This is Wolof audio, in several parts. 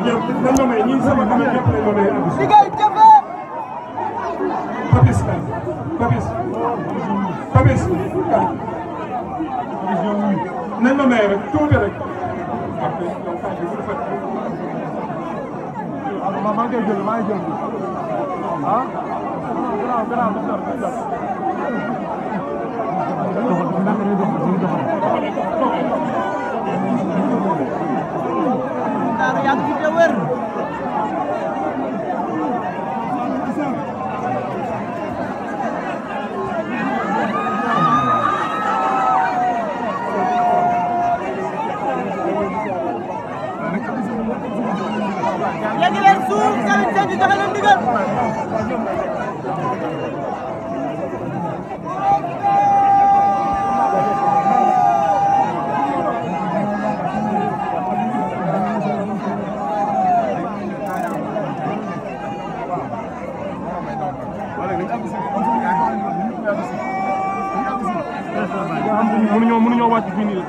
Gracias.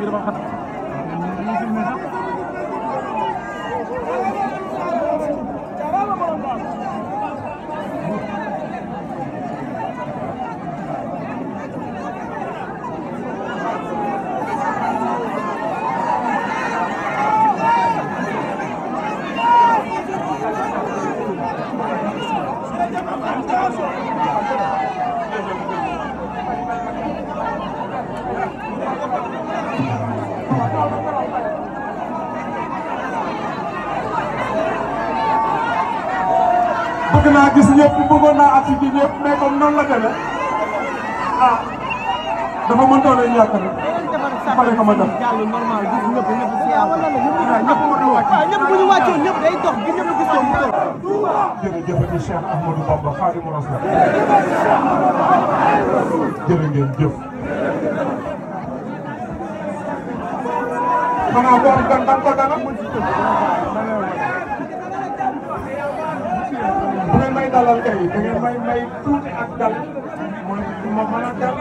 firma na gis ñëpp bëggoon naa ak ci ñëpp mais comme noonu la demee ah, dafa mëntoon a ñàkk rek ma def normal gis ñëpp ñëpp ci yaaw ah, ah, ñëpp war ñu wàccoo ñëpp day dox gi ñëpp gis ko mu toog jërëjëfati Cheikh Ahmadou Bamba Khadimu Rasul jërë ngeen jëf ngeen may dalal tey da ngeen may may tuuti ak dal mooy ma mën a dal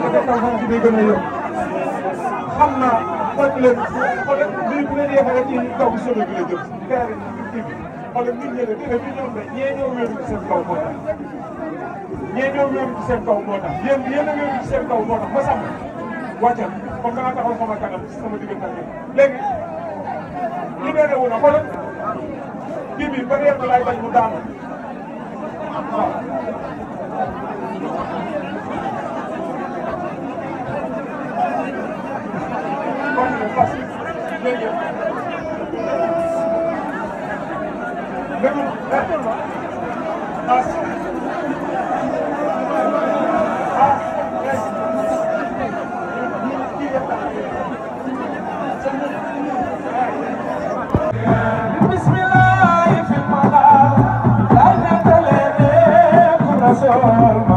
ma def taw bi day gën a yomb xam naa xool leen xool bii bu leen yéexee ci kaw bi solo bi la jëm kër yi xool bi ñu ñëwee dégg nga ñoom de ñee ñoo wéeru ci seen kaw moo tax ñee ñoo wéeru ci seen kaw moo tax yéen yéen a wéeru ci seen kaw moo tax ba sàmm wàccal kon danaa taxaw sama kanam sama diggante léegi libéré wu na xoolal kii bi ba léegi laay bañ mu daanu waaw. Yaşar